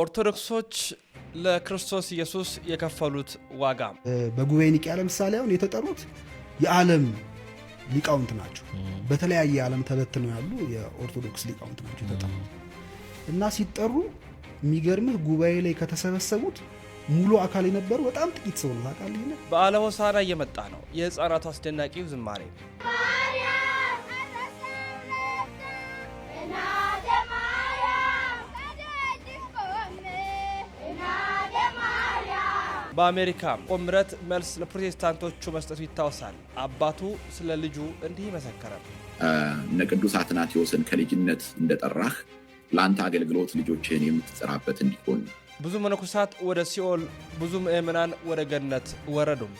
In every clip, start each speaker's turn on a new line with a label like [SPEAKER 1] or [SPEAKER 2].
[SPEAKER 1] ኦርቶዶክሶች ለክርስቶስ ኢየሱስ የከፈሉት ዋጋ
[SPEAKER 2] በጉባኤ ኒቅያ ለምሳሌ አሁን የተጠሩት የዓለም ሊቃውንት ናቸው። በተለያየ ዓለም ተበትነው ያሉ የኦርቶዶክስ ሊቃውንት ናቸው የተጠሩ እና ሲጠሩ የሚገርምህ ጉባኤ ላይ ከተሰበሰቡት ሙሉ አካል የነበሩ በጣም ጥቂት ሰው ነው። ታውቃለህ፣
[SPEAKER 1] በዓለ ሆሳዕና እየመጣ ነው የህፃናቱ አስደናቂው ዝማሬ በአሜሪካ ቁምረት መልስ ለፕሮቴስታንቶቹ መስጠቱ ይታወሳል። አባቱ ስለ ልጁ እንዲህ መሰከረ።
[SPEAKER 3] እነ ቅዱስ አትናቴዎስን ከልጅነት እንደጠራህ ለአንተ አገልግሎት ልጆችህን የምትጠራበት እንዲሆን
[SPEAKER 1] ብዙ መነኮሳት ወደ ሲኦል ብዙ ምእመናን ወደ ገነት ወረዱም።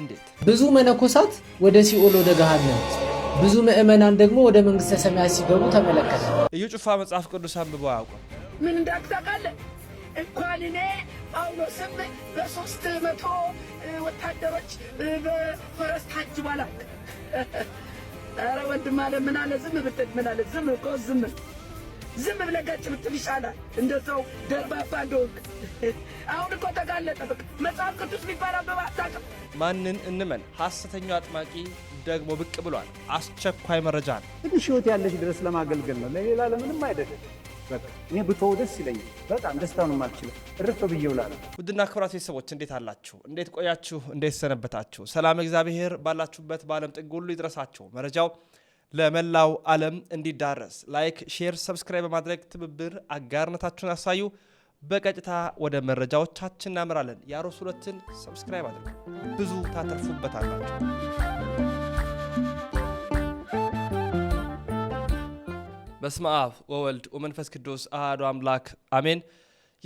[SPEAKER 1] እንዴት
[SPEAKER 4] ብዙ መነኮሳት ወደ ሲኦል ወደ ገሃነት ብዙ ምእመናን ደግሞ ወደ መንግሥተ ሰማያት ሲገቡ ተመለከተ።
[SPEAKER 1] እዩ ጩፋ መጽሐፍ ቅዱስ አንብበው አያውቁም።
[SPEAKER 5] ምን እንኳን እኔ ጳውሎስም በሶስት መቶ ወታደሮች በፈረስ ታጅቧል። ኧረ ወንድም አለ ምን አለ? ዝም ብትል ምን አለ? ዝም እኮ ዝም ዝም ብትል ይሻላል። እንደ ሰው ደርባባ እንደሆንክ አሁን እኮ ተጋለጠ። በቃ መጽሐፍ ቅዱስ የሚባል አታውቅም።
[SPEAKER 1] ማንን እንመን? ሐሰተኛው አጥማቂ ደግሞ ብቅ ብሏል። አስቸኳይ መረጃ ነው።
[SPEAKER 2] ትንሽ ህይወት ያለች ድረስ ለማገልገል ነው፣ ለሌላ ለምንም አይደለም። እኔ ብተው ደስ ይለኛል። በጣም ደስታ ነው የማልችለው። እረፍ ብዬው
[SPEAKER 1] ውድና ክቡራት ቤተሰቦች እንዴት አላችሁ? እንዴት ቆያችሁ? እንዴት ሰነበታችሁ? ሰላም እግዚአብሔር ባላችሁበት በዓለም ጥግ ሁሉ ይድረሳችሁ። መረጃው ለመላው ዓለም እንዲዳረስ ላይክ፣ ሼር፣ ሰብስክራይብ በማድረግ ትብብር አጋርነታችሁን ያሳዩ። በቀጥታ ወደ መረጃዎቻችን እናምራለን። የአሮስ ሁለትን ሰብስክራይብ አድርጉ፣ ብዙ ታተርፉበታላችሁ። በስመ አብ ወወልድ ወመንፈስ ቅዱስ አህዶ አምላክ አሜን።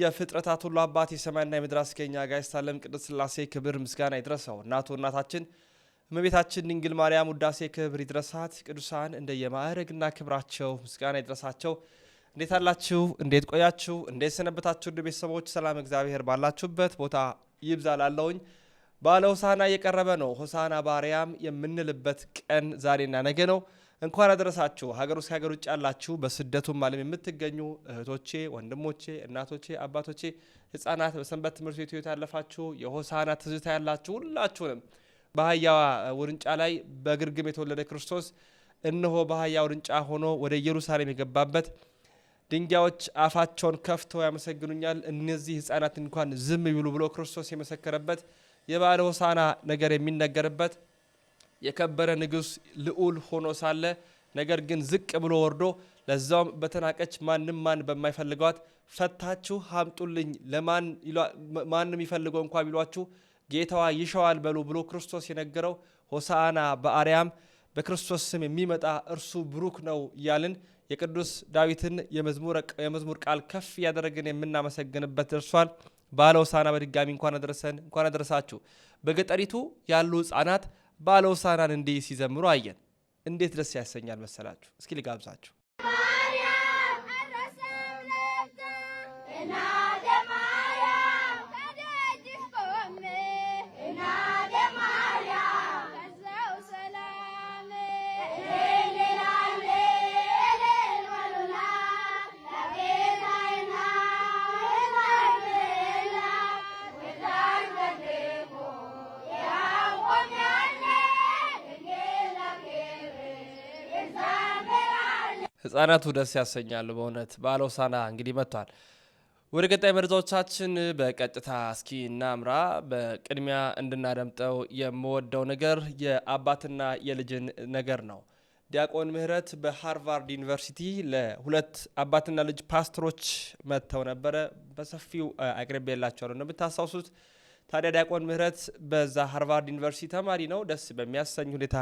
[SPEAKER 1] የፍጥረታት ሁሉ አባት የሰማይና የምድር አስገኛ ጋይስት ዓለም ቅድስት ስላሴ ክብር ምስጋና ይድረሰው። እናቱ እናታችን እመቤታችን ድንግል ማርያም ውዳሴ ክብር ይድረሳት። ቅዱሳን እንደየማዕረግና ክብራቸው ምስጋና ይድረሳቸው። እንዴት አላችሁ? እንዴት ቆያችሁ? እንዴት ሰነበታችሁ? እንደ ቤተሰቦች ሰላም እግዚአብሔር ባላችሁበት ቦታ ይብዛላለውኝ። ባለ ሆሳና እየቀረበ ነው። ሆሳና በአርያም የምንልበት ቀን ዛሬና ነገ ነው። እንኳን አደረሳችሁ። ሀገር ውስጥ ሀገር ውጭ ያላችሁ በስደቱም ዓለም የምትገኙ እህቶቼ፣ ወንድሞቼ፣ እናቶቼ፣ አባቶቼ፣ ህጻናት በሰንበት ትምህርት ህይወት ያለፋችሁ የሆሳና ትዝታ ያላችሁ ሁላችሁንም በአህያ ውርንጫ ላይ በግርግም የተወለደ ክርስቶስ እነሆ በአህያ ውርንጫ ሆኖ ወደ ኢየሩሳሌም የገባበት ድንጋዮች አፋቸውን ከፍተው ያመሰግኑኛል እነዚህ ህጻናት እንኳን ዝም ይብሉ ብሎ ክርስቶስ የመሰከረበት የባለ ሆሳና ነገር የሚነገርበት የከበረ ንጉስ ልዑል ሆኖ ሳለ ነገር ግን ዝቅ ብሎ ወርዶ ለዛውም በተናቀች ማንም ማን በማይፈልገዋት ፈታችሁ ሀምጡልኝ ለማንም ይፈልገው እንኳ ቢሏችሁ ጌታዋ ይሸዋል በሉ ብሎ ክርስቶስ የነገረው ሆሳአና በአርያም በክርስቶስ ስም የሚመጣ እርሱ ብሩክ ነው እያልን የቅዱስ ዳዊትን የመዝሙር ቃል ከፍ እያደረግን የምናመሰግንበት ደርሷል። ባለ ሆሳዕና በድጋሚ እንኳን አደረሰን፣ እንኳን አደረሳችሁ። በገጠሪቱ ያሉ ህፃናት?። ባለውሳናን እንዲህ ሲዘምሩ አየን። እንዴት ደስ ያሰኛል መሰላችሁ! እስኪ ልጋብዛችሁ። ነጻነቱ ደስ ያሰኛል በእውነት ባለውሳና እንግዲህ መጥቷል። ወደ ቀጣይ መረጃዎቻችን በቀጥታ እስኪ እናምራ። በቅድሚያ እንድናደምጠው የምወደው ነገር የአባትና የልጅን ነገር ነው። ዲያቆን ምህረት በሃርቫርድ ዩኒቨርሲቲ ለሁለት አባትና ልጅ ፓስተሮች መጥተው ነበረ። በሰፊው የላቸው ነው እንደምታስታውሱት። ታዲያ ዲያቆን ምህረት በዛ ሃርቫርድ ዩኒቨርሲቲ ተማሪ ነው። ደስ በሚያሰኝ ሁኔታ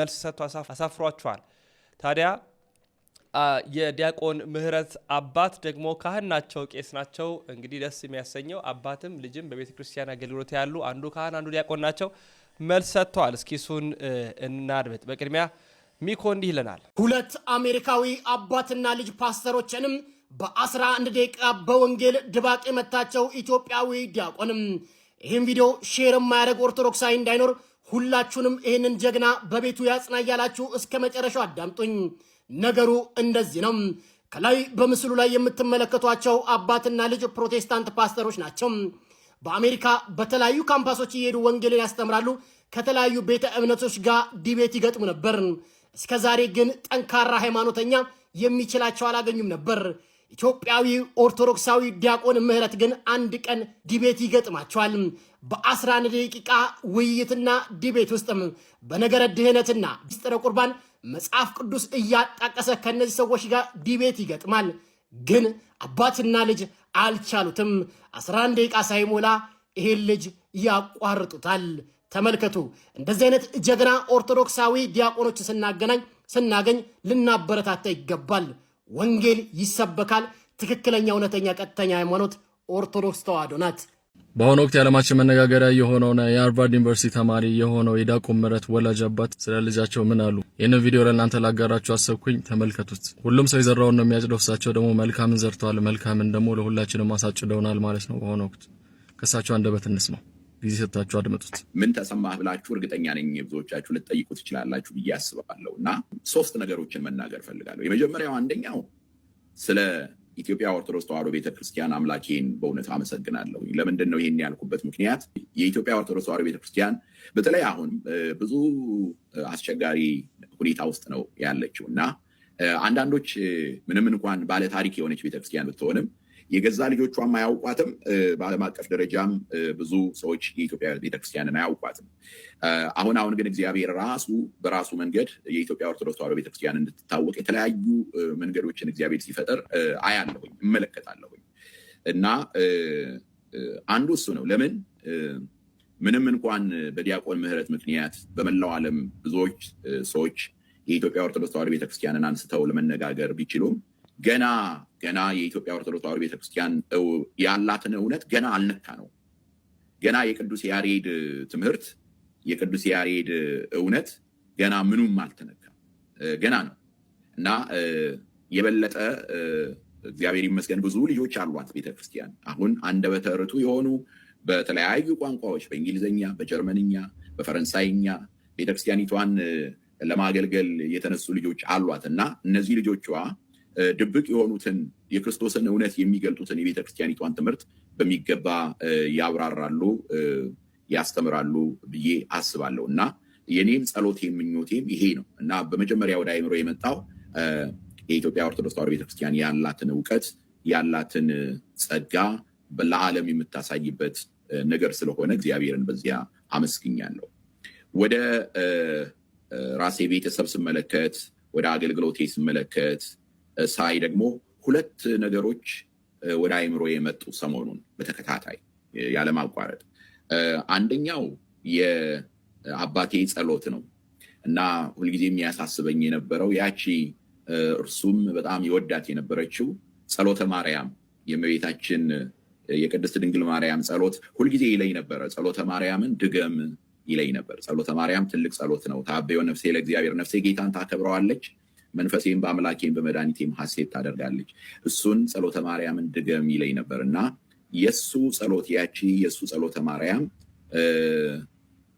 [SPEAKER 1] መልስ ሰጥቶ አሳፍሯቸዋል። ታዲያ የዲያቆን ምህረት አባት ደግሞ ካህን ናቸው፣ ቄስ ናቸው። እንግዲህ ደስ የሚያሰኘው አባትም ልጅም በቤተ ክርስቲያን አገልግሎት ያሉ አንዱ ካህን አንዱ ዲያቆን ናቸው መልስ ሰጥተዋል። እስኪ እሱን እናድምጥ። በቅድሚያ ሚኮ እንዲህ ይለናል።
[SPEAKER 6] ሁለት አሜሪካዊ አባትና ልጅ ፓስተሮችንም በአስራ አንድ ደቂቃ በወንጌል ድባቅ የመታቸው ኢትዮጵያዊ ዲያቆንም ይህም ቪዲዮ ሼር የማያደርግ ኦርቶዶክሳዊ እንዳይኖር ሁላችሁንም ይህንን ጀግና በቤቱ ያጽና እያላችሁ እስከ መጨረሻው አዳምጡኝ። ነገሩ እንደዚህ ነው። ከላይ በምስሉ ላይ የምትመለከቷቸው አባትና ልጅ ፕሮቴስታንት ፓስተሮች ናቸው። በአሜሪካ በተለያዩ ካምፓሶች እየሄዱ ወንጌልን ያስተምራሉ። ከተለያዩ ቤተ እምነቶች ጋር ዲቤት ይገጥሙ ነበር። እስከ ዛሬ ግን ጠንካራ ሃይማኖተኛ የሚችላቸው አላገኙም ነበር። ኢትዮጵያዊ ኦርቶዶክሳዊ ዲያቆን ምህረት ግን አንድ ቀን ዲቤት ይገጥማቸዋል። በአስራ አንድ ደቂቃ ውይይትና ዲቤት ውስጥ በነገረ ድህነትና ምስጢረ ቁርባን መጽሐፍ ቅዱስ እያጣቀሰ ከእነዚህ ሰዎች ጋር ዲቤት ይገጥማል። ግን አባትና ልጅ አልቻሉትም። 11 ደቂቃ ሳይሞላ ይሄን ልጅ ያቋርጡታል። ተመልከቱ። እንደዚህ አይነት ጀግና ኦርቶዶክሳዊ ዲያቆኖች ስናገናኝ ስናገኝ ልናበረታታ ይገባል። ወንጌል ይሰበካል። ትክክለኛ እውነተኛ ቀጥተኛ ሃይማኖት ኦርቶዶክስ ተዋሕዶ ናት።
[SPEAKER 3] በአሁኑ ወቅት የዓለማችን መነጋገሪያ የሆነውና የሃርቫርድ ዩኒቨርሲቲ ተማሪ የሆነው የዳቁም ምረት ወላጅ አባት ስለ ልጃቸው ምን አሉ? ይህንን ቪዲዮ ለእናንተ ላጋራችሁ አሰብኩኝ። ተመልከቱት። ሁሉም ሰው የዘራውን ነው የሚያጭደው። እሳቸው ደግሞ መልካምን ዘርተዋል። መልካምን ደግሞ ለሁላችንም አሳጭደውናል ማለት ነው። በአሁኑ ወቅት ከእሳቸው አንደበት እንስማው። ጊዜ ሰጥታችሁ አድመጡት።
[SPEAKER 7] ምን ተሰማህ ብላችሁ እርግጠኛ ነኝ ብዙዎቻችሁ ልጠይቁ ትችላላችሁ ብዬ አስባለሁ እና ሶስት ነገሮችን መናገር ፈልጋለሁ። የመጀመሪያው አንደኛው ስለ ኢትዮጵያ ኦርቶዶክስ ተዋሕዶ ቤተክርስቲያን አምላኬን በእውነት አመሰግናለሁ። ለምንድን ነው ይህን ያልኩበት ምክንያት የኢትዮጵያ ኦርቶዶክስ ተዋሕዶ ቤተክርስቲያን በተለይ አሁን ብዙ አስቸጋሪ ሁኔታ ውስጥ ነው ያለችው እና አንዳንዶች ምንም እንኳን ባለ ታሪክ የሆነች ቤተክርስቲያን ብትሆንም የገዛ ልጆቿም አያውቋትም። በዓለም አቀፍ ደረጃም ብዙ ሰዎች የኢትዮጵያ ቤተክርስቲያንን አያውቋትም። አሁን አሁን ግን እግዚአብሔር ራሱ በራሱ መንገድ የኢትዮጵያ ኦርቶዶክስ ተዋሕዶ ቤተክርስቲያን እንድትታወቅ የተለያዩ መንገዶችን እግዚአብሔር ሲፈጥር አያለሁኝ፣ እመለከታለሁኝ እና አንዱ እሱ ነው። ለምን ምንም እንኳን በዲያቆን ምህረት ምክንያት በመላው ዓለም ብዙዎች ሰዎች የኢትዮጵያ ኦርቶዶክስ ተዋሕዶ ቤተክርስቲያንን አንስተው ለመነጋገር ቢችሉም ገና ገና የኢትዮጵያ ኦርቶዶክስ ተዋሕዶ ቤተክርስቲያን ያላትን እውነት ገና አልነካ ነው። ገና የቅዱስ ያሬድ ትምህርት የቅዱስ ያሬድ እውነት ገና ምኑም አልተነካም፣ ገና ነው እና የበለጠ እግዚአብሔር ይመስገን ብዙ ልጆች አሏት ቤተክርስቲያን። አሁን አንደበተ ርቱዕ የሆኑ በተለያዩ ቋንቋዎች በእንግሊዝኛ፣ በጀርመንኛ፣ በፈረንሳይኛ ቤተክርስቲያኒቷን ለማገልገል የተነሱ ልጆች አሏት እና እነዚህ ልጆቿ ድብቅ የሆኑትን የክርስቶስን እውነት የሚገልጡትን የቤተ ክርስቲያኒቷን ትምህርት በሚገባ ያብራራሉ፣ ያስተምራሉ ብዬ አስባለሁ እና የኔም ጸሎት የምኞቴም ይሄ ነው እና በመጀመሪያ ወደ አይምሮ የመጣው የኢትዮጵያ ኦርቶዶክስ ተዋሕዶ ቤተክርስቲያን ያላትን እውቀት ያላትን ጸጋ ለዓለም የምታሳይበት ነገር ስለሆነ እግዚአብሔርን በዚያ አመስግኛለሁ። ወደ ራሴ ቤተሰብ ስመለከት፣ ወደ አገልግሎቴ ስመለከት ሳይ ደግሞ ሁለት ነገሮች ወደ አይምሮ የመጡ ሰሞኑን በተከታታይ ያለማቋረጥ አንደኛው የአባቴ ጸሎት ነው እና ሁልጊዜ የሚያሳስበኝ የነበረው ያቺ እርሱም በጣም ይወዳት የነበረችው ጸሎተ ማርያም የመቤታችን የቅድስት ድንግል ማርያም ጸሎት ሁልጊዜ ይለኝ ነበረ። ጸሎተ ማርያምን ድገም ይለኝ ነበር። ጸሎተ ማርያም ትልቅ ጸሎት ነው። ታበዮ ነፍሴ ለእግዚአብሔር ነፍሴ ጌታን ታከብረዋለች መንፈሴም በአምላኬም በመድኃኒቴም ሐሴት ታደርጋለች። እሱን ጸሎተ ማርያምን ድገም ይለኝ ነበር እና የእሱ ጸሎት ያቺ የእሱ ጸሎተ ማርያም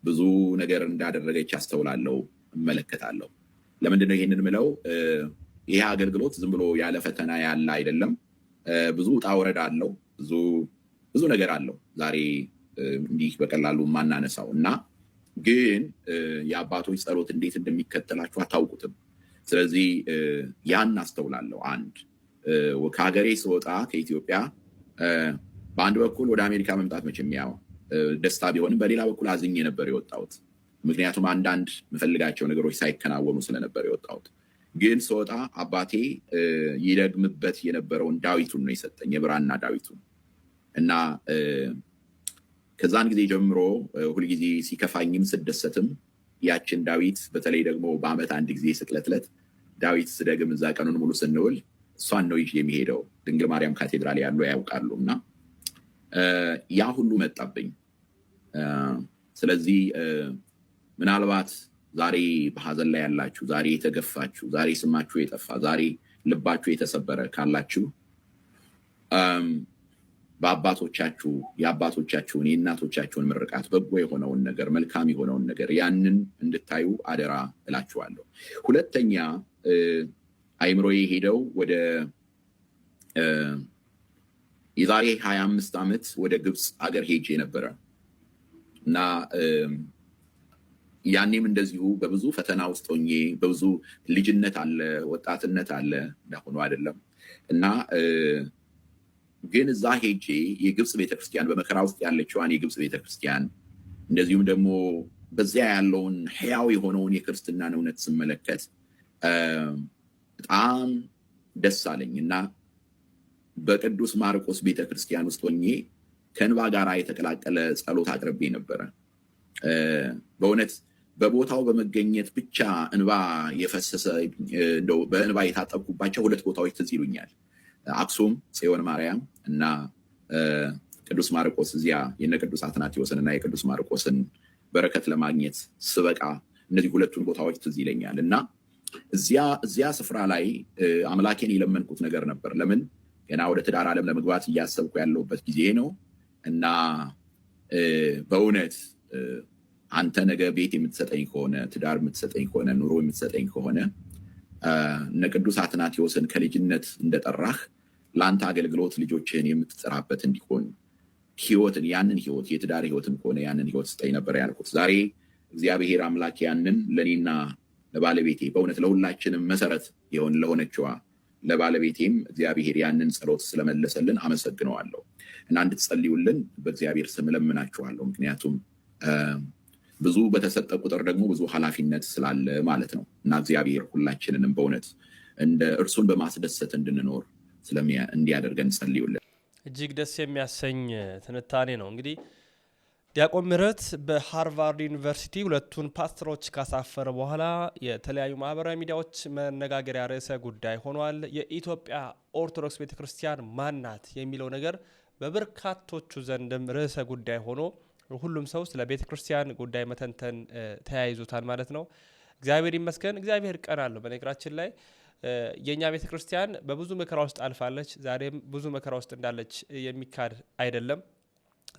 [SPEAKER 7] ብዙ ነገር እንዳደረገች አስተውላለሁ፣ እመለከታለሁ። ለምንድነው ይህንን ምለው? ይህ አገልግሎት ዝም ብሎ ያለ ፈተና ያለ አይደለም። ብዙ ውጣ ውረድ አለው፣ ብዙ ብዙ ነገር አለው። ዛሬ እንዲህ በቀላሉ ማናነሳው እና ግን የአባቶች ጸሎት እንዴት እንደሚከተላችሁ አታውቁትም። ስለዚህ ያን አስተውላለሁ። አንድ ከሀገሬ ስወጣ ከኢትዮጵያ በአንድ በኩል ወደ አሜሪካ መምጣት መቼም ያው ደስታ ቢሆንም በሌላ በኩል አዝኜ ነበር የወጣሁት። ምክንያቱም አንዳንድ የምፈልጋቸው ነገሮች ሳይከናወኑ ስለነበር የወጣሁት። ግን ስወጣ አባቴ ይደግምበት የነበረውን ዳዊቱን ነው የሰጠኝ፣ የብራና ዳዊቱን እና ከዛን ጊዜ ጀምሮ ሁልጊዜ ሲከፋኝም ስደሰትም ያችን ዳዊት በተለይ ደግሞ በአመት አንድ ጊዜ ስቅለትለት ዳዊት ስደግም እዛ ቀኑን ሙሉ ስንውል እሷን ነው ይዤ የሚሄደው ድንግል ማርያም ካቴድራል ያሉ ያውቃሉ። እና ያ ሁሉ መጣብኝ። ስለዚህ ምናልባት ዛሬ በሀዘን ላይ ያላችሁ፣ ዛሬ የተገፋችሁ፣ ዛሬ ስማችሁ የጠፋ፣ ዛሬ ልባችሁ የተሰበረ ካላችሁ በአባቶቻችሁ የአባቶቻችሁን የእናቶቻችሁን ምርቃት በጎ የሆነውን ነገር መልካም የሆነውን ነገር ያንን እንድታዩ አደራ እላችኋለሁ። ሁለተኛ አይምሮዬ ሄደው ወደ የዛሬ ሀያ አምስት ዓመት ወደ ግብፅ አገር ሄጄ ነበረ እና ያኔም እንደዚሁ በብዙ ፈተና ውስጥ ሆኜ በብዙ ልጅነት አለ፣ ወጣትነት አለ፣ እንዳሁኑ አይደለም እና ግን እዛ ሄጄ የግብፅ ቤተክርስቲያን በመከራ ውስጥ ያለችዋን የግብፅ ቤተክርስቲያን እንደዚሁም ደግሞ በዚያ ያለውን ሕያው የሆነውን የክርስትናን እውነት ስመለከት በጣም ደስ አለኝ እና በቅዱስ ማርቆስ ቤተክርስቲያን ውስጥ ሆኜ ከእንባ ጋር የተቀላቀለ ጸሎት አቅርቤ ነበረ። በእውነት በቦታው በመገኘት ብቻ እንባ የፈሰሰ በእንባ የታጠብኩባቸው ሁለት ቦታዎች ትዝ ይሉኛል። አክሱም ጽዮን ማርያም እና ቅዱስ ማርቆስ እዚያ የነ ቅዱስ አትናቴዎስን እና የቅዱስ ማርቆስን በረከት ለማግኘት ስበቃ እነዚህ ሁለቱን ቦታዎች ትዝ ይለኛል እና እዚያ ስፍራ ላይ አምላኬን የለመንኩት ነገር ነበር። ለምን ገና ወደ ትዳር ዓለም ለመግባት እያሰብኩ ያለሁበት ጊዜ ነው እና በእውነት አንተ ነገ ቤት የምትሰጠኝ ከሆነ ትዳር የምትሰጠኝ ከሆነ ኑሮ የምትሰጠኝ ከሆነ እነ ቅዱስ አትናቴዎስን ከልጅነት እንደጠራህ ለአንተ አገልግሎት ልጆችህን የምትጠራበት እንዲሆን ህይወትን ያንን ህይወት የትዳር ህይወትን ከሆነ ያንን ህይወት ስጠኝ ነበር ያልኩት። ዛሬ እግዚአብሔር አምላክ ያንን ለእኔና ለባለቤቴ በእውነት ለሁላችንም መሰረት የሆን ለሆነችዋ ለባለቤቴም እግዚአብሔር ያንን ጸሎት ስለመለሰልን አመሰግነዋለሁ እና እንድትጸልዩልን በእግዚአብሔር ስም እለምናችኋለሁ። ምክንያቱም ብዙ በተሰጠ ቁጥር ደግሞ ብዙ ኃላፊነት ስላለ ማለት ነው እና እግዚአብሔር ሁላችንንም በእውነት እንደ እርሱን በማስደሰት እንድንኖር እንዲያደርገን ጸልዩልን።
[SPEAKER 1] እጅግ ደስ የሚያሰኝ ትንታኔ ነው እንግዲህ ዲያቆን ምረት በሃርቫርድ ዩኒቨርሲቲ ሁለቱን ፓስተሮች ካሳፈረ በኋላ የተለያዩ ማህበራዊ ሚዲያዎች መነጋገሪያ ርዕሰ ጉዳይ ሆኗል። የኢትዮጵያ ኦርቶዶክስ ቤተ ክርስቲያን ማናት የሚለው ነገር በበርካቶቹ ዘንድም ርዕሰ ጉዳይ ሆኖ ሁሉም ሰው ስለ ቤተ ክርስቲያን ጉዳይ መተንተን ተያይዞታል ማለት ነው። እግዚአብሔር ይመስገን። እግዚአብሔር ቀን አለው። በነገራችን ላይ የእኛ ቤተ ክርስቲያን በብዙ መከራ ውስጥ አልፋለች። ዛሬም ብዙ መከራ ውስጥ እንዳለች የሚካድ አይደለም።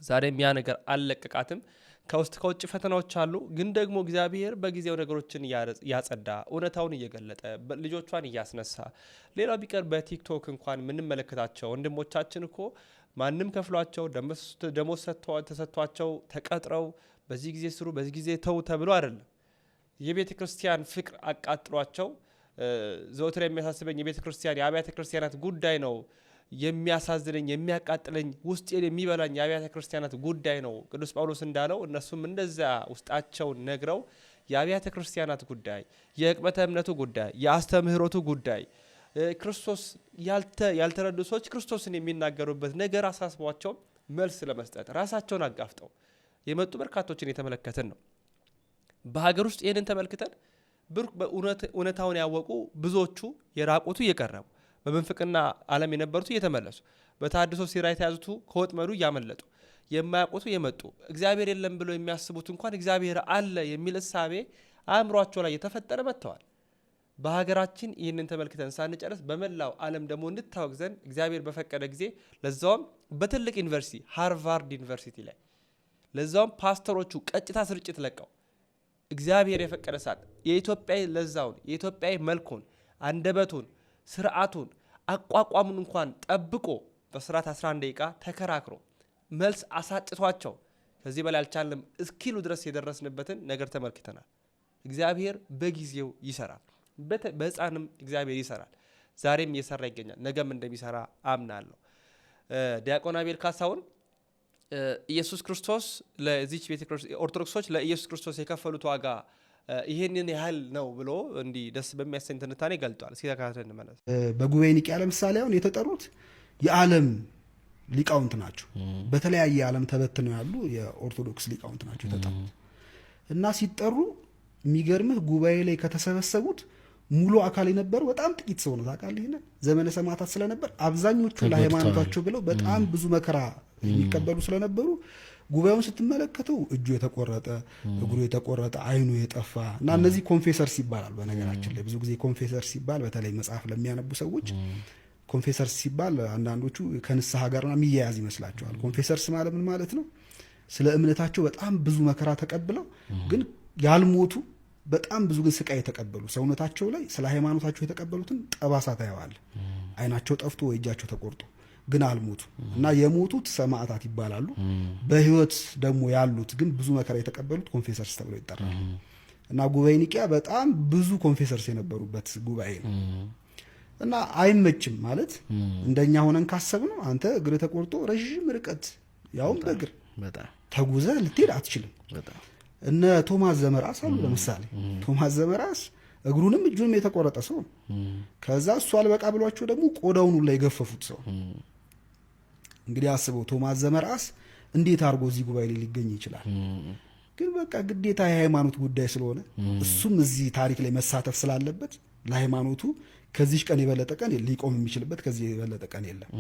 [SPEAKER 1] ዛሬም ያ ነገር አልለቀቃትም። ከውስጥ ከውጭ ፈተናዎች አሉ። ግን ደግሞ እግዚአብሔር በጊዜው ነገሮችን ያጸዳ፣ እውነታውን እየገለጠ ልጆቿን እያስነሳ ሌላው ቢቀር በቲክቶክ እንኳን የምንመለከታቸው ወንድሞቻችን እኮ ማንም ከፍሏቸው ደሞዝ ተሰጥቷቸው ተቀጥረው በዚህ ጊዜ ስሩ፣ በዚህ ጊዜ ተው ተብሎ አይደለም። የቤተ ክርስቲያን ፍቅር አቃጥሏቸው ዘወትር የሚያሳስበኝ የቤተ ክርስቲያን የአብያተ ክርስቲያናት ጉዳይ ነው የሚያሳዝነኝ የሚያቃጥለኝ ውስጤን የሚበላኝ የአብያተ ክርስቲያናት ጉዳይ ነው። ቅዱስ ጳውሎስ እንዳለው እነሱም እንደዚያ ውስጣቸውን ነግረው የአብያተ ክርስቲያናት ጉዳይ፣ የሕቅመተ እምነቱ ጉዳይ፣ የአስተምህሮቱ ጉዳይ ክርስቶስ ያልተረዱ ሰዎች ክርስቶስን የሚናገሩበት ነገር አሳስቧቸው መልስ ለመስጠት ራሳቸውን አጋፍጠው የመጡ በርካቶችን የተመለከትን ነው። በሀገር ውስጥ ይህንን ተመልክተን እውነታውን ያወቁ ብዙዎቹ የራቁቱ እየቀረቡ በምንፍቅና ዓለም የነበሩት እየተመለሱ በታድሶ ሲራ የተያዙቱ ከወጥመዱ እያመለጡ የማያውቁቱ የመጡ እግዚአብሔር የለም ብለው የሚያስቡት እንኳን እግዚአብሔር አለ የሚል እሳቤ አእምሯቸው ላይ የተፈጠረ መጥተዋል። በሀገራችን ይህንን ተመልክተን ሳንጨርስ በመላው ዓለም ደግሞ እንድታወቅ ዘንድ እግዚአብሔር በፈቀደ ጊዜ ለዛውም በትልቅ ዩኒቨርሲቲ ሃርቫርድ ዩኒቨርሲቲ ላይ ለዛውም ፓስተሮቹ ቀጥታ ስርጭት ለቀው እግዚአብሔር የፈቀደ ሰዓት የኢትዮጵያ ለዛውን የኢትዮጵያ መልኩን አንደበቱን ስርዓቱን አቋቋሙን እንኳን ጠብቆ በስርዓት 11 ደቂቃ ተከራክሮ መልስ አሳጥቷቸው ከዚህ በላይ አልቻለም እስኪሉ ድረስ የደረስንበትን ነገር ተመልክተናል። እግዚአብሔር በጊዜው ይሰራል። በሕፃንም እግዚአብሔር ይሰራል። ዛሬም እየሰራ ይገኛል። ነገም እንደሚሰራ አምናለሁ። ዲያቆን አቤል ካሳሁን ኢየሱስ ክርስቶስ ለዚች ኦርቶዶክሶች ለኢየሱስ ክርስቶስ የከፈሉት ዋጋ ይህንን ያህል ነው ብሎ እንዲህ ደስ በሚያሰኝ ትንታኔ ገልጧል። ሲተካተል እንመለስ።
[SPEAKER 2] በጉባኤ ኒቅያ ለምሳሌ አሁን የተጠሩት የዓለም ሊቃውንት ናቸው። በተለያየ ዓለም ተበትነው ያሉ የኦርቶዶክስ ሊቃውንት ናቸው የተጠሩት እና ሲጠሩ የሚገርምህ ጉባኤ ላይ ከተሰበሰቡት ሙሉ አካል የነበሩ በጣም ጥቂት ሰው ነው። ታውቃለህ ይሄንን ዘመነ ሰማዕታት ስለነበር አብዛኞቹ ለሃይማኖታቸው ብለው በጣም ብዙ መከራ የሚቀበሉ ስለነበሩ ጉባኤውን ስትመለከተው እጁ የተቆረጠ እግሩ የተቆረጠ አይኑ የጠፋ እና እነዚህ ኮንፌሰርስ ይባላል። በነገራችን ላይ ብዙ ጊዜ ኮንፌሰር ሲባል በተለይ መጽሐፍ ለሚያነቡ ሰዎች ኮንፌሰርስ ሲባል አንዳንዶቹ ከንስሐ ጋር የሚያያዝ ይመስላቸዋል። ኮንፌሰርስ ማለት ምን ማለት ነው? ስለ እምነታቸው በጣም ብዙ መከራ ተቀብለው ግን ያልሞቱ በጣም ብዙ ግን ስቃይ የተቀበሉ ሰውነታቸው ላይ ስለ ሃይማኖታቸው የተቀበሉትን ጠባሳ ታየዋል። አይናቸው ጠፍቶ ወይ እጃቸው ተቆርጦ ግን አልሞቱ እና የሞቱት ሰማዕታት ይባላሉ። በህይወት ደግሞ ያሉት ግን ብዙ መከራ የተቀበሉት ኮንፌሰርስ ተብሎ ይጠራሉ። እና ጉባኤ ኒቂያ በጣም ብዙ ኮንፌሰርስ የነበሩበት ጉባኤ ነው እና አይመችም ማለት እንደኛ ሆነን ካሰብነው አንተ እግር ተቆርጦ ረዥም ርቀት ያውም በእግር ተጉዘ ልትሄድ አትችልም። እነ ቶማስ ዘመራስ አሉ። ለምሳሌ ቶማስ ዘመራስ እግሩንም እጁንም የተቆረጠ ሰው ከዛ እሱ አልበቃ ብሏቸው ደግሞ ቆዳውን ላይ የገፈፉት ሰው እንግዲህ አስበው ቶማስ ዘመርአስ እንዴት አድርጎ እዚህ ጉባኤ ላይ ሊገኝ ይችላል? ግን በቃ ግዴታ የሃይማኖት ጉዳይ ስለሆነ እሱም እዚህ ታሪክ ላይ መሳተፍ ስላለበት ለሃይማኖቱ ከዚህ ቀን የበለጠ ቀን ሊቆም የሚችልበት ከዚህ የበለጠ ቀን የለም።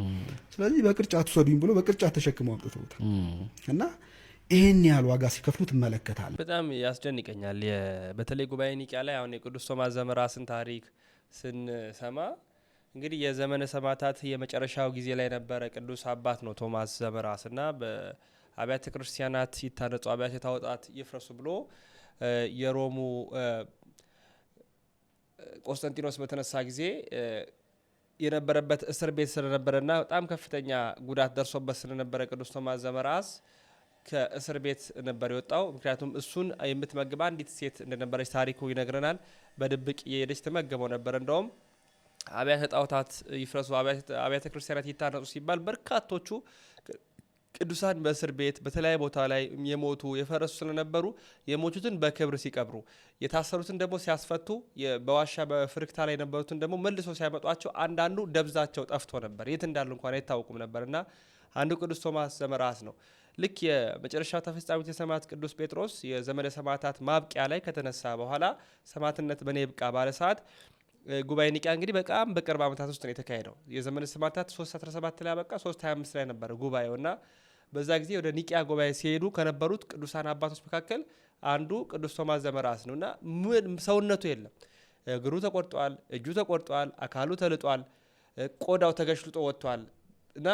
[SPEAKER 2] ስለዚህ በቅርጫት ውሰዱኝ ብሎ በቅርጫት ተሸክመው አምጥተውታል እና ይህን ያህል ዋጋ ሲከፍሉ ትመለከታል።
[SPEAKER 1] በጣም ያስደንቀኛል። በተለይ ጉባኤ ኒቂያ ላይ አሁን የቅዱስ ቶማስ ዘመራስን ታሪክ ስንሰማ እንግዲህ የዘመነ ሰማዕታት የመጨረሻው ጊዜ ላይ ነበረ። ቅዱስ አባት ነው ቶማስ ዘመራስ እና በአብያተ ክርስቲያናት ይታነጹ፣ አብያተ ታወጣት ይፍረሱ ብሎ የሮሙ ቆስጠንጢኖስ በተነሳ ጊዜ የነበረበት እስር ቤት ስለነበረና በጣም ከፍተኛ ጉዳት ደርሶበት ስለነበረ ቅዱስ ቶማስ ዘመራስ ከእስር ቤት ነበር የወጣው። ምክንያቱም እሱን የምትመግብ አንዲት ሴት እንደነበረች ታሪኩ ይነግረናል። በድብቅ የሄደች ትመገበው ነበር እንደውም አብያተ ጣዖታት ይፍረሱ፣ አብያተ ክርስቲያናት ይታነጹ ሲባል በርካቶቹ ቅዱሳን በእስር ቤት በተለያየ ቦታ ላይ የሞቱ የፈረሱ ስለነበሩ የሞቱትን በክብር ሲቀብሩ የታሰሩትን ደግሞ ሲያስፈቱ በዋሻ በፍርክታ ላይ የነበሩትን ደግሞ መልሶ ሲያመጧቸው አንዳንዱ ደብዛቸው ጠፍቶ ነበር፣ የት እንዳሉ እንኳን አይታወቁም ነበር እና አንዱ ቅዱስ ቶማስ ዘመራስ ነው። ልክ የመጨረሻ ተፈጻሚት የሰማዕት ቅዱስ ጴጥሮስ የዘመነ ሰማዕታት ማብቂያ ላይ ከተነሳ በኋላ ሰማዕትነት በኔ ብቃ ባለ ሰዓት ጉባኤ ኒቃ እንግዲህ በጣም በቅርብ ዓመታት ውስጥ ነው የተካሄደው። የዘመነ ሰማዕታት 317 ላይ አበቃ፣ 325 ላይ ነበረ ጉባኤው እና በዛ ጊዜ ወደ ኒቃ ጉባኤ ሲሄዱ ከነበሩት ቅዱሳን አባቶች መካከል አንዱ ቅዱስ ቶማስ ዘመራስ ነው እና ሰውነቱ የለም፣ እግሩ ተቆርጧል፣ እጁ ተቆርጧል፣ አካሉ ተልጧል፣ ቆዳው ተገሽልጦ ወጥቷል እና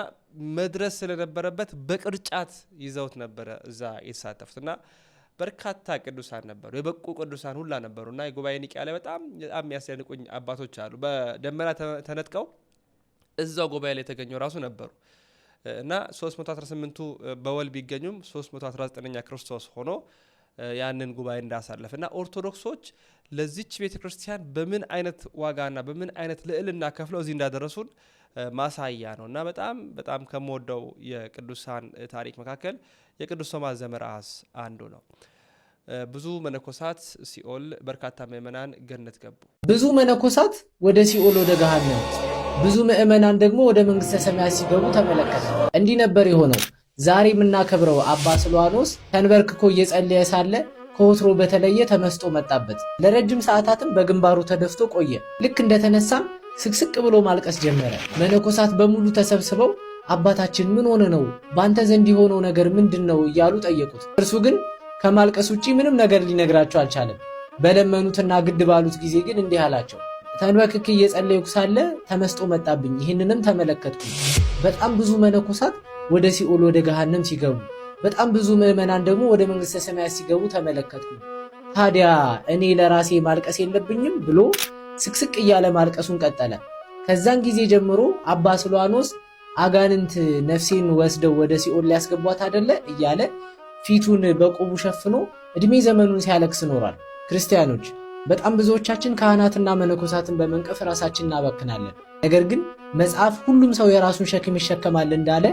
[SPEAKER 1] መድረስ ስለነበረበት በቅርጫት ይዘውት ነበረ እዛ የተሳተፉት እና በርካታ ቅዱሳን ነበሩ፣ የበቁ ቅዱሳን ሁላ ነበሩ እና የጉባኤ ኒቂያ ላይ በጣም በጣም የሚያስደንቁኝ አባቶች አሉ። በደመና ተነጥቀው እዛው ጉባኤ ላይ የተገኘው ራሱ ነበሩ እና 318ቱ በወል ቢገኙም 319ኛ ክርስቶስ ሆኖ ያንን ጉባኤ እንዳሳለፍ እና ኦርቶዶክሶች ለዚች ቤተ ክርስቲያን በምን አይነት ዋጋና በምን አይነት ልዕልና ከፍለው እዚህ እንዳደረሱን ማሳያ ነው እና በጣም በጣም ከምወደው የቅዱሳን ታሪክ መካከል የቅዱስ ቶማስ ዘመርአስ አንዱ ነው። ብዙ መነኮሳት ሲኦል፣ በርካታ ምእመናን ገነት ገቡ።
[SPEAKER 4] ብዙ መነኮሳት ወደ ሲኦል ወደ ገሃነም፣ ብዙ ምእመናን ደግሞ ወደ መንግስተ ሰማያት ሲገቡ ተመለከተ። እንዲህ ነበር የሆነው። ዛሬ የምናከብረው አባ ስልዋኖስ ተንበርክኮ እየጸለየ ሳለ ከወትሮ በተለየ ተመስጦ መጣበት። ለረጅም ሰዓታትም በግንባሩ ተደፍቶ ቆየ። ልክ እንደተነሳም ስቅስቅ ብሎ ማልቀስ ጀመረ። መነኮሳት በሙሉ ተሰብስበው አባታችን ምን ሆነ ነው? በአንተ ዘንድ የሆነው ነገር ምንድን ነው? እያሉ ጠየቁት። እርሱ ግን ከማልቀስ ውጪ ምንም ነገር ሊነግራቸው አልቻለም። በለመኑትና ግድ ባሉት ጊዜ ግን እንዲህ አላቸው። ተንበርክኬ እየጸለይኩ ሳለ ተመስጦ መጣብኝ። ይህንንም ተመለከትኩ። በጣም ብዙ መነኮሳት ወደ ሲኦል ወደ ገሃነም ሲገቡ፣ በጣም ብዙ ምዕመናን ደግሞ ወደ መንግሥተ ሰማያት ሲገቡ ተመለከትኩ። ታዲያ እኔ ለራሴ ማልቀስ የለብኝም ብሎ ስቅስቅ እያለ ማልቀሱን ቀጠለ። ከዛን ጊዜ ጀምሮ አባ ስሏኖስ አጋንንት ነፍሴን ወስደው ወደ ሲኦል ሊያስገቧት አደለ እያለ ፊቱን በቆቡ ሸፍኖ እድሜ ዘመኑን ሲያለቅስ ኖሯል። ክርስቲያኖች በጣም ብዙዎቻችን ካህናትና መነኮሳትን በመንቀፍ ራሳችን እናበክናለን። ነገር ግን መጽሐፍ ሁሉም ሰው የራሱን ሸክም ይሸከማል እንዳለ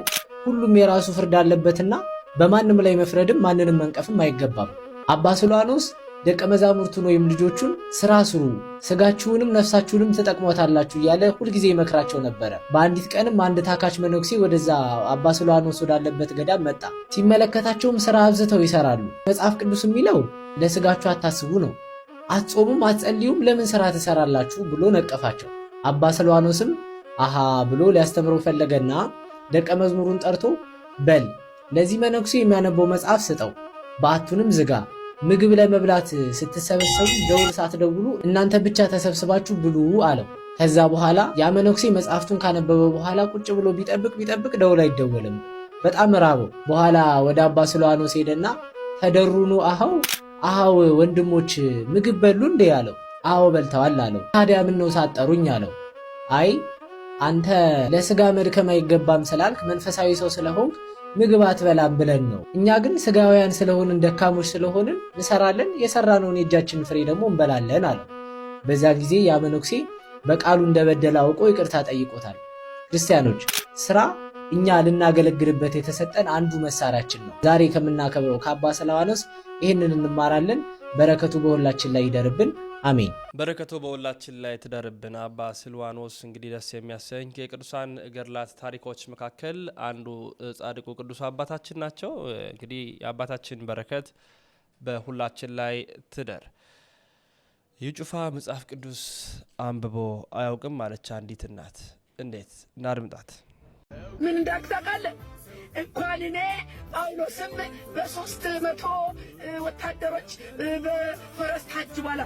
[SPEAKER 4] ሁሉም የራሱ ፍርድ አለበትና በማንም ላይ መፍረድም ማንንም መንቀፍም አይገባም። አባ ስልዋኖስ ደቀ መዛሙርቱን ወይም ልጆቹን ስራ ስሩ፣ ስጋችሁንም ነፍሳችሁንም ትጠቅሞታላችሁ እያለ ሁልጊዜ ይመክራቸው ነበረ። በአንዲት ቀንም አንድ ታካች መነኩሴ ወደዛ አባ ስልዋኖስ ወዳለበት ገዳም መጣ። ሲመለከታቸውም ስራ አብዝተው ይሰራሉ። መጽሐፍ ቅዱስ የሚለው ለስጋችሁ አታስቡ ነው። አትጾሙም፣ አትጸልዩም፣ ለምን ስራ ትሰራላችሁ ብሎ ነቀፋቸው። አባ ስልዋኖስም አሃ ብሎ ሊያስተምረው ፈለገና ደቀ መዝሙሩን ጠርቶ በል ለዚህ መነኩሴ የሚያነበው መጽሐፍ ስጠው፣ በዓቱንም ዝጋ። ምግብ ለመብላት ስትሰበሰቡ ደውል ሳትደውሉ እናንተ ብቻ ተሰብስባችሁ ብሉ አለው። ከዛ በኋላ ያ መነኩሴ መጽሐፍቱን ካነበበ በኋላ ቁጭ ብሎ ቢጠብቅ ቢጠብቅ ደውል አይደወልም። በጣም ራበው። በኋላ ወደ አባ ስልዋኖስ ሄደና ተደሩኑ አሃው አሃው ወንድሞች ምግብ በሉ እንዴ አለው። አዎ በልተዋል አለው። ታዲያ ምነው ሳትጠሩኝ አለው። አይ አንተ ለስጋ መድከም አይገባም ስላልክ መንፈሳዊ ሰው ስለሆንክ ምግብ አትበላም ብለን ነው። እኛ ግን ስጋውያን ስለሆንን ደካሞች ስለሆንን እንሰራለን፣ የሰራነውን የእጃችን ፍሬ ደግሞ እንበላለን አለው። በዚያ ጊዜ ያ መነኩሴ በቃሉ እንደበደለ አውቆ ይቅርታ ጠይቆታል። ክርስቲያኖች ስራ እኛ ልናገለግልበት የተሰጠን አንዱ መሳሪያችን ነው። ዛሬ ከምናከብረው ከአባ ስልዋኖስ ይህንን እንማራለን። በረከቱ በሁላችን ላይ ይደርብን። አሜን።
[SPEAKER 1] በረከቱ በሁላችን ላይ ትደርብን። አባ ስልዋኖስ እንግዲህ ደስ የሚያሰኝ የቅዱሳን ገድላት ታሪኮች መካከል አንዱ ጻድቁ ቅዱስ አባታችን ናቸው። እንግዲህ የአባታችን በረከት በሁላችን ላይ ትደር። የጩፋ መጽሐፍ ቅዱስ አንብቦ አያውቅም አለች አንዲት እናት። እንዴት እናድምጣት።
[SPEAKER 5] ምን እንዳቅታቃለ እንኳን እኔ ጳውሎስም በሶስት መቶ ወታደሮች በፈረስ ታጅቧል።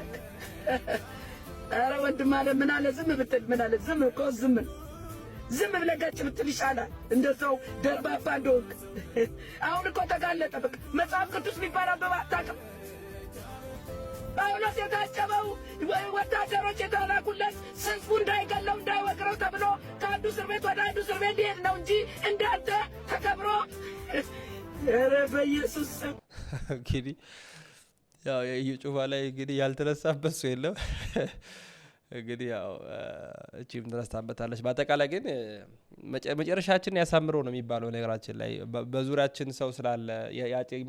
[SPEAKER 5] ኧረ ወንድም አለ ምን አለ ዝም ብትል ምን አለ ዝም እኮ ዝም ዝም ብለህ ብትል ይሻላል። እንደ ሰው ደርባባ እንደሆንክ አሁን እኮ ተጋለጠ። በቃ መጽሐፍ ቅዱስ የሚባል አበባ አታውቅም። ጳውሎስ የታጨበው ወታደሮች የተላኩለት ስንፉ እንዳይገለው እንዳይወግረው ተብሎ ከአንዱ እስር ቤት ወደ አንዱ እስር ቤት ሊሄድ ነው እንጂ እንዳንተ
[SPEAKER 1] እንግዲህ ያው የኢዩ ጩፋ ላይ እንግዲህ ያልተነሳበት ሰው የለም። እንግዲህ ያው እቺም ትነስታበታለች። በአጠቃላይ ግን መጨረሻችን ያሳምረው ነው የሚባለው። ነገራችን ላይ በዙሪያችን ሰው ስላለ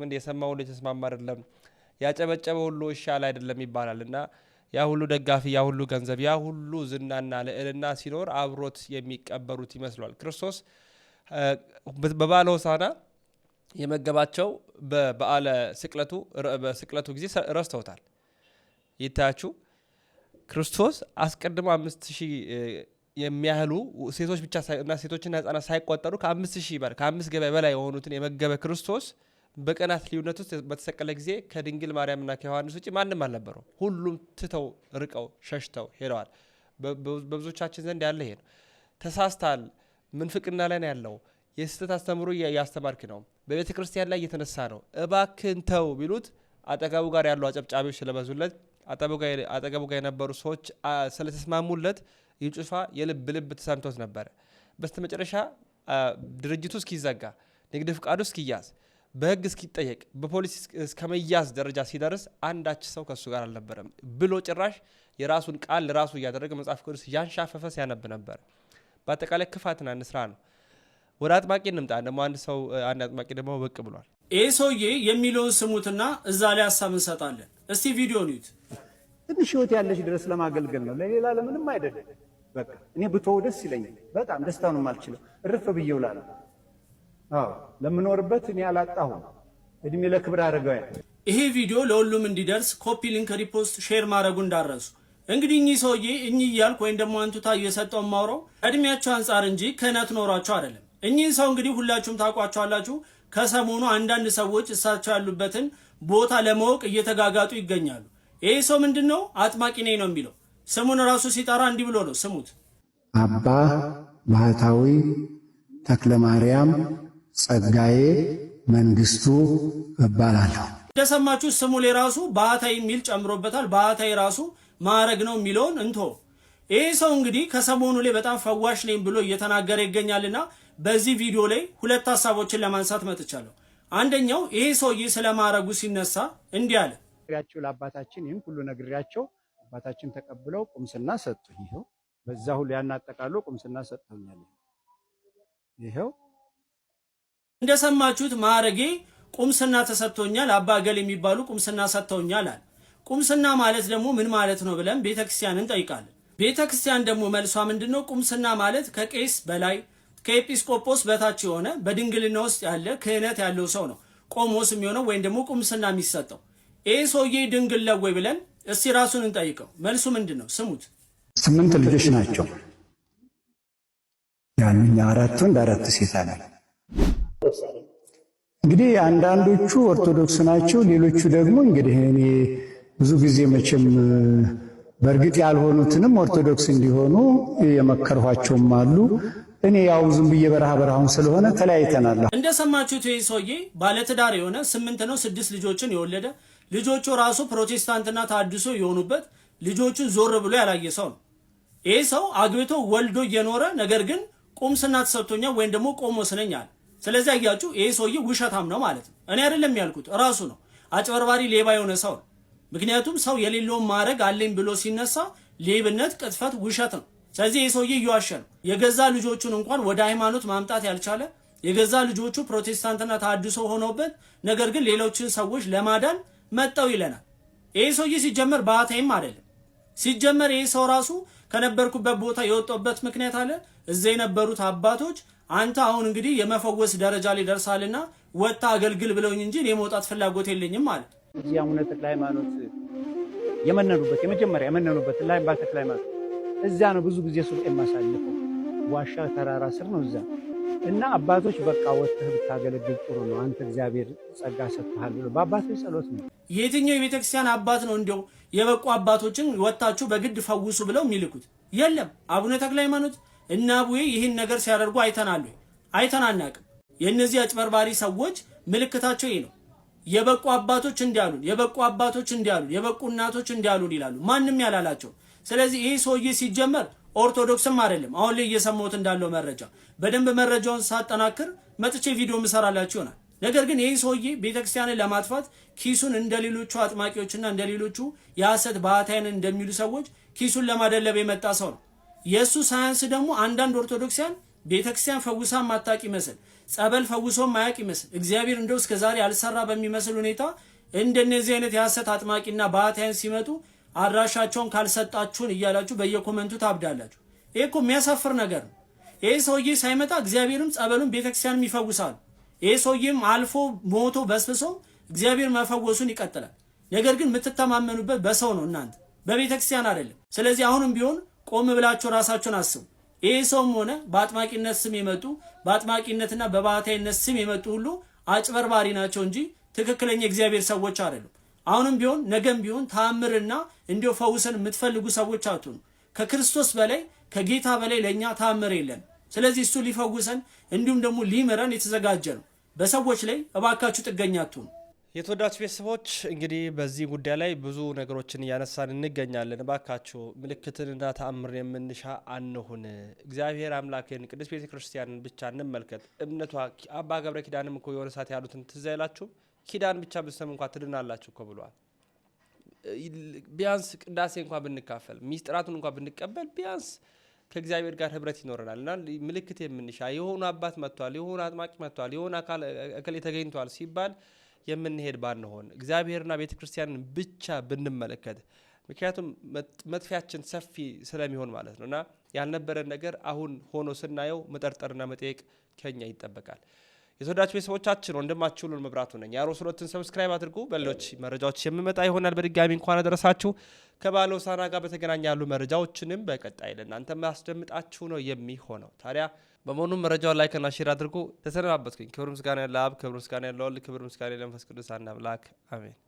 [SPEAKER 1] ምን የሰማው ሁሉ የተስማማ አይደለም፣ ያጨበጨበ ሁሉ ይሻል አይደለም ይባላል እና ያ ሁሉ ደጋፊ ያ ሁሉ ገንዘብ ያ ሁሉ ዝናና ልዕልና ሲኖር አብሮት የሚቀበሩት ይመስሏል። ክርስቶስ በባለ ሆሳዕና የመገባቸው በበዓለ ስቅለቱ በስቅለቱ ጊዜ ረስተውታል። ይታያችሁ ክርስቶስ አስቀድሞ አምስት ሺህ የሚያህሉ ሴቶች ብቻ እና ሴቶችና ህጻናት ሳይቆጠሩ ከአምስት ሺህ በላይ ከአምስት ገበያ በላይ የሆኑትን የመገበ ክርስቶስ በቀናት ልዩነት ውስጥ በተሰቀለ ጊዜ ከድንግል ማርያምና ከዮሐንስ ውጭ ማንም አልነበረው። ሁሉም ትተው ርቀው ሸሽተው ሄደዋል። በብዙዎቻችን ዘንድ ያለ ይሄ ነው። ተሳስታል፣ ምንፍቅና ላይ ነው ያለው የስህተት አስተምሮ እያስተማርክ ነው፣ በቤተ ክርስቲያን ላይ እየተነሳ ነው፣ እባክህን ተው ቢሉት አጠገቡ ጋር ያሉ አጨብጫቢዎች ስለበዙለት አጠገቡ ጋር የነበሩ ሰዎች ስለተስማሙለት ይህ ጩፋ የልብ ልብ ተሰምቶት ነበረ። በስተ መጨረሻ ድርጅቱ እስኪዘጋ፣ ንግድ ፍቃዱ እስኪያዝ፣ በህግ እስኪጠየቅ፣ በፖሊስ እስከመያዝ ደረጃ ሲደርስ አንዳች ሰው ከእሱ ጋር አልነበረም ብሎ ጭራሽ የራሱን ቃል ለራሱ እያደረገ መጽሐፍ ቅዱስ እያንሻፈፈ ሲያነብ ነበር። በአጠቃላይ ክፋትና ንስራ ነው። ወደ አጥማቂ እንምጣ። ደግሞ አንድ ሰው አንድ አጥማቂ ደግሞ ብቅ ብሏል።
[SPEAKER 6] ይህ ሰውዬ የሚለውን ስሙትና እዛ ላይ ሀሳብ እንሰጣለን። እስቲ ቪዲዮ ኒት
[SPEAKER 2] ትንሽ ህይወት ያለች ድረስ ለማገልገል ነው፣ ለሌላ ለምንም አይደለም። በቃ እኔ ብተወው ደስ ይለኛል። በጣም ደስታውንም አልችልም። እርፍ ብዬው ላለ አዎ ለምኖርበት እኔ አላጣሁም። እድሜ ለክብር አድርገው።
[SPEAKER 6] ይሄ ቪዲዮ ለሁሉም እንዲደርስ ኮፒ ሊንክ፣ ሪፖስት፣ ሼር ማድረጉ እንዳረሱ እንግዲህ እኚህ ሰውዬ እኚህ እያልኩ ወይም ደግሞ አንቱታ እየሰጠው ማውረው እድሜያቸው አንጻር እንጂ ክህነት ኖሯቸው አይደለም። እኚህን ሰው እንግዲህ ሁላችሁም ታውቋቸዋላችሁ። ከሰሞኑ አንዳንድ ሰዎች እሳቸው ያሉበትን ቦታ ለማወቅ እየተጋጋጡ ይገኛሉ። ይህ ሰው ምንድን ነው? አጥማቂ ነኝ ነው የሚለው። ስሙን ራሱ ሲጠራ እንዲህ ብሎ ነው። ስሙት።
[SPEAKER 8] አባ ባህታዊ ተክለ ማርያም ጸጋዬ መንግስቱ እባላለሁ።
[SPEAKER 6] እንደሰማችሁ ስሙ ላይ ራሱ ባህታዊ የሚል ጨምሮበታል። ባህታዊ ራሱ ማዕረግ ነው የሚለውን እንቶ ይህ ሰው እንግዲህ ከሰሞኑ ላይ በጣም ፈዋሽ ነኝ ብሎ እየተናገረ ይገኛልና በዚህ ቪዲዮ ላይ ሁለት ሀሳቦችን ለማንሳት መጥቻለሁ። አንደኛው ይሄ ሰውዬ ስለማረጉ ሲነሳ እንዲህ አለ።
[SPEAKER 2] ያቸው ለአባታችን ይህም ሁሉ ነግሬያቸው አባታችን ተቀብለው ቁምስና ሰጡኝ። ይኸው በዛ ሁሉ ያናጠቃሉ ቁምስና ሰጥቶኛል። ይኸው
[SPEAKER 6] እንደሰማችሁት ማዕረጌ ቁምስና ተሰጥቶኛል። አባ ገል የሚባሉ ቁምስና ሰጥተውኛል አለ። ቁምስና ማለት ደግሞ ምን ማለት ነው ብለን ቤተክርስቲያንን እንጠይቃለን። ቤተክርስቲያን ደግሞ መልሷ ምንድን ነው? ቁምስና ማለት ከቄስ በላይ ከኤጲስቆጶስ በታች የሆነ በድንግልና ውስጥ ያለ ክህነት ያለው ሰው ነው ቆሞስ የሚሆነው ወይም ደግሞ ቁምስና የሚሰጠው። ይህ ሰውዬ ድንግል ነው ወይ ብለን እስቲ ራሱን እንጠይቀው። መልሱ ምንድን ነው? ስሙት።
[SPEAKER 8] ስምንት ልጆች ናቸው። ያንኛ አራት ወንድ አራት ሴት አለ። እንግዲህ አንዳንዶቹ ኦርቶዶክስ ናቸው፣ ሌሎቹ ደግሞ እንግዲህ እኔ ብዙ ጊዜ መቼም በእርግጥ ያልሆኑትንም ኦርቶዶክስ እንዲሆኑ የመከርኋቸውም አሉ እኔ ያው ዝም ብዬ በረሃ በረሃውን ስለሆነ ተለያይተናል።
[SPEAKER 6] እንደሰማችሁት ይህ ሰውዬ ባለትዳር የሆነ ስምንት ነው ስድስት ልጆችን የወለደ ልጆቹ ራሱ ፕሮቴስታንትና ታድሶ የሆኑበት ልጆቹን ዞር ብሎ ያላየ ሰው ነው። ይህ ሰው አግብቶ ወልዶ እየኖረ ነገር ግን ቁምስና ተሰጥቶኛል ወይም ደግሞ ቆሞ ስነኛል። ስለዚህ አያችሁ ይህ ሰውዬ ውሸታም ነው ማለት ነው። እኔ አይደለም ያልኩት ራሱ ነው። አጭበርባሪ፣ ሌባ የሆነ ሰው ነው። ምክንያቱም ሰው የሌለውን ማድረግ አለኝ ብሎ ሲነሳ ሌብነት፣ ቅጥፈት፣ ውሸት ነው። ስለዚህ ይህ ሰውዬ እየዋሸ ነው። የገዛ ልጆቹን እንኳን ወደ ሃይማኖት ማምጣት ያልቻለ የገዛ ልጆቹ ፕሮቴስታንትና ተሐድሶ ሆኖበት ነገር ግን ሌሎችን ሰዎች ለማዳን መጠው ይለናል። ይህ ሰውዬ ሲጀመር ባህታይም አይደለም። ሲጀመር ይህ ሰው ራሱ ከነበርኩበት ቦታ የወጣበት ምክንያት አለ። እዚ የነበሩት አባቶች አንተ አሁን እንግዲህ የመፈወስ ደረጃ ላይ ደርሳልና ወጣ አገልግል ብለውኝ እንጂ እኔ መውጣት ፍላጎት የለኝም ማለት
[SPEAKER 2] አቡነ ተክለ ሃይማኖት የመነኑበት የመጀመሪያ የመነኑበት ላይ ተክለ ሃይማኖት እዛ ነው ብዙ ጊዜ ሱብህ የማሳልፈው ዋሻ ተራራ ስር ነው እዛ እና አባቶች በቃ ወጥተህ ብታገለግል ጥሩ ነው፣ አንተ እግዚአብሔር ጸጋ ሰጥተሃል ብሎ በአባቶች ጸሎት ነው።
[SPEAKER 6] የትኛው የቤተክርስቲያን አባት ነው እንዲያው የበቁ አባቶችን ወጥታችሁ በግድ ፈውሱ ብለው የሚልኩት? የለም አቡነ ተክለ ሃይማኖት እና አቡዬ ይህን ነገር ሲያደርጉ አይተናሉ አይተናናቅም። የእነዚህ አጭበርባሪ ሰዎች ምልክታቸው ይህ ነው። የበቁ አባቶች እንዲያሉን፣ የበቁ አባቶች እንዲያሉን፣ የበቁ እናቶች እንዲያሉን ይላሉ። ማንም ያላላቸው ስለዚህ ይህ ሰውዬ ሲጀመር ኦርቶዶክስም አይደለም። አሁን ላይ እየሰማሁት እንዳለው መረጃ በደንብ መረጃውን ሳጠናክር መጥቼ ቪዲዮ ምሰራላችሁ ይሆናል። ነገር ግን ይህ ሰውዬ ቤተክርስቲያንን ለማጥፋት ኪሱን እንደ ሌሎቹ አጥማቂዎችና እንደ ሌሎቹ የሐሰት ባህታይን እንደሚሉ ሰዎች ኪሱን ለማደለብ የመጣ ሰው ነው። የእሱ ሳያንስ ደግሞ አንዳንድ ኦርቶዶክሲያን ቤተክርስቲያን ፈውሳ ማታቅ ይመስል ጸበል ፈውሶ ማያቅ ይመስል እግዚአብሔር እንደው እስከዛሬ አልሰራ በሚመስል ሁኔታ እንደነዚህ አይነት የሐሰት አጥማቂና ባህታይን ሲመጡ አድራሻቸውን ካልሰጣችሁን እያላችሁ በየኮመንቱ ታብዳላችሁ። ይህ እኮ የሚያሳፍር ነገር ነው። ይህ ሰውዬ ሳይመጣ እግዚአብሔርም ጸበሉን ቤተክርስቲያንም ይፈውሳል። ይህ ሰውዬም አልፎ ሞቶ በስብሶ እግዚአብሔር መፈወሱን ይቀጥላል። ነገር ግን የምትተማመኑበት በሰው ነው እናንተ በቤተክርስቲያን አይደለም። ስለዚህ አሁንም ቢሆን ቆም ብላችሁ ራሳችሁን አስቡ። ይህ ሰውም ሆነ በአጥማቂነት ስም የመጡ በአጥማቂነትና በባህታይነት ስም የመጡ ሁሉ አጭበርባሪ ናቸው እንጂ ትክክለኛ እግዚአብሔር ሰዎች አይደሉም። አሁንም ቢሆን ነገም ቢሆን ታምርና እንዲሁ ፈውስን የምትፈልጉ ሰዎች አትሁኑ። ከክርስቶስ በላይ ከጌታ በላይ ለእኛ ታምር የለም። ስለዚህ እሱ ሊፈውሰን እንዲሁም ደግሞ ሊምረን የተዘጋጀ ነው። በሰዎች ላይ እባካችሁ ጥገኛ አትሁኑ።
[SPEAKER 1] የተወዳጅ ቤተሰቦች እንግዲህ በዚህ ጉዳይ ላይ ብዙ ነገሮችን እያነሳን እንገኛለን። እባካችሁ ምልክትንና ተአምርን የምንሻ አንሁን። እግዚአብሔር አምላክን ቅዱስ ቤተ ክርስቲያንን ብቻ እንመልከት። እምነቷ አባ ገብረ ኪዳንም እኮ የሆነ ሰዓት ያሉትን ትዝ ኪዳን ብቻ ብሰም እንኳ ትድናላችሁ እኮ ብሏል። ቢያንስ ቅዳሴ እንኳ ብንካፈል ሚስጥራቱን እንኳ ብንቀበል ቢያንስ ከእግዚአብሔር ጋር ህብረት ይኖረናል እና ምልክት የምንሻ የሆኑ አባት መጥቷል፣ የሆኑ አጥማቂ መጥቷል፣ የሆኑ አካል እከሌ ተገኝቷል ሲባል የምንሄድ ባንሆን እግዚአብሔርና ቤተ ክርስቲያንን ብቻ ብንመለከት ምክንያቱም መጥፊያችን ሰፊ ስለሚሆን ማለት ነው እና ያልነበረን ነገር አሁን ሆኖ ስናየው መጠርጠርና መጠየቅ ከኛ ይጠበቃል። የተወዳጅ ቤተሰቦቻችን ወንድማችሁ ሉል መብራቱ ነኝ። የአሮስ ሁለትን ሰብስክራይብ አድርጉ። በሌሎች መረጃዎች የምመጣ ይሆናል። በድጋሚ እንኳን አደረሳችሁ። ከባለ ሆሳዕና ጋር በተገናኘ ያሉ መረጃዎችንም በቀጣይ ለእናንተ ማስደምጣችሁ ነው የሚሆነው። ታዲያ በመሆኑም መረጃውን ላይክና ሼር አድርጉ። ተሰነባበትኩኝ። ክብር ምስጋና ለአብ፣ ክብር ምስጋና ለወልድ፣ ክብር ምስጋና ለመንፈስ ቅዱስ አንድ አምላክ አሜን።